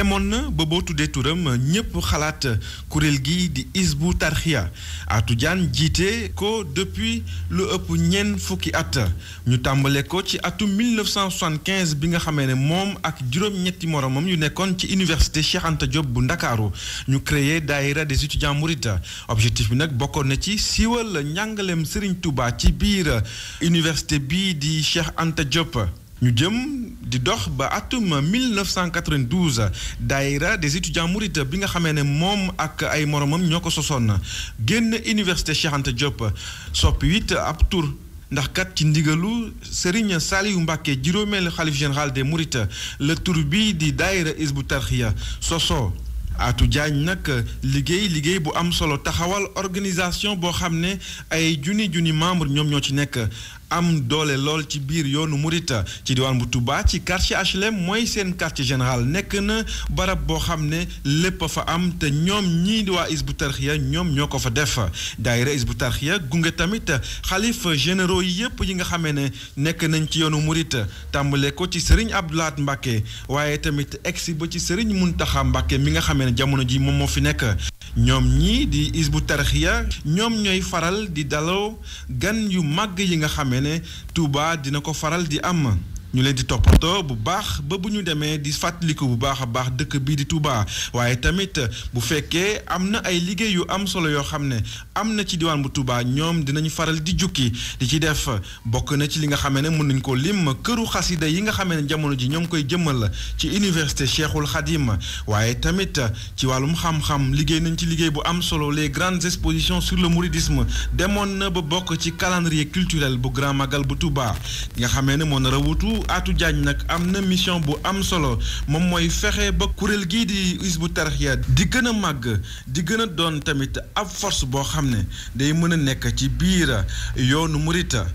demoon na ba boo tuddee turam ñëpp xalaat kuréel gi di is bu tarxiya Atou Diagne jiite ko depuis lu ëpp ñeen fukki at ñu tàmbale ko ci atum 1975 bi nga xamee ne moom ak juróom-ñetti moromam yu nekkoon ci université Cheikh Anta bu Ndakaaru ñu créé daayira des étudiants mourides objectif bi nag bokkoon na ci siiwal njàngaleem Serigne Touba ci biir université bi di Cheikh Anta Diop. ñu jëm di dox ba atum 1992 daayira des étudiants mourides bi nga xamee ne moom ak ay moromam ñoo ko sosoon génn université Cheikh Anta Diop soppi it ab tur ndax kat ci ndigalu Serigne Saliou Mbacké juróomeelu xalif général des mourides la tur bii di daayira Hizbut Tarqiyyah soso Atou Diagne nag liggéey liggéey bu am solo taxawal organisation boo xam ne ay junni junni membre ñoom ñoo ci nekk am doole lool ci biir yoonu Mouride ci diwaan bu Touba ci quartier HLM mooy seen quartier général nekk na barab boo xam ne lépp a fa am te ñoom ñii di waa Hizbut Tarqiyyah ñoom ñoo ko fa def daayira Hizbut Tarqiyyah gunge tamit xalifa généraux yi yëpp yi nga xamee ne nekk nañ ci yoonu Mouride tàmbale ko ci Serigne Abdou Lahad waaye tamit egsi ba ci mun Mountakha Mbacké mi nga xamee ne jamono ji moom moo fi nekk. ñoom ñii di isbu tarxiya ñoom ñooy faral di daloo gan yu màgg yi nga xame ne Touba dina ko faral di am ñu leen di toppatoo bu baax ba bu ñu demee di fàttaliku bu baax a baax dëkk bii di Touba waaye tamit bu fekkee am na ay liggéey yu am solo yoo xam ne am na ci diwaan bu tubaa ñoom dinañu faral di jukki di ci def bokk na ci li nga xamee ne mën nañ ko lim këru xasida yi nga xamee ne jamono ji ñoom koy jëmmal ci université Cheikhul Khadim waaye tamit ci wàllum xam-xam liggéey nañ ci liggéey bu am solo les grandes expositions sur le mouridisme demoon na ba bokk ci calendrier culturel bu bu Touba nga xamee ne moo nar a wutu Aysatu Atou Diagne nag am na mission bu am solo moom mooy fexe ba kuréel gii di Hizbut Tarqiyyah di gën a màgg di gën a doon tamit ab force boo xam ne day mën a nekk ci biira yoonu murita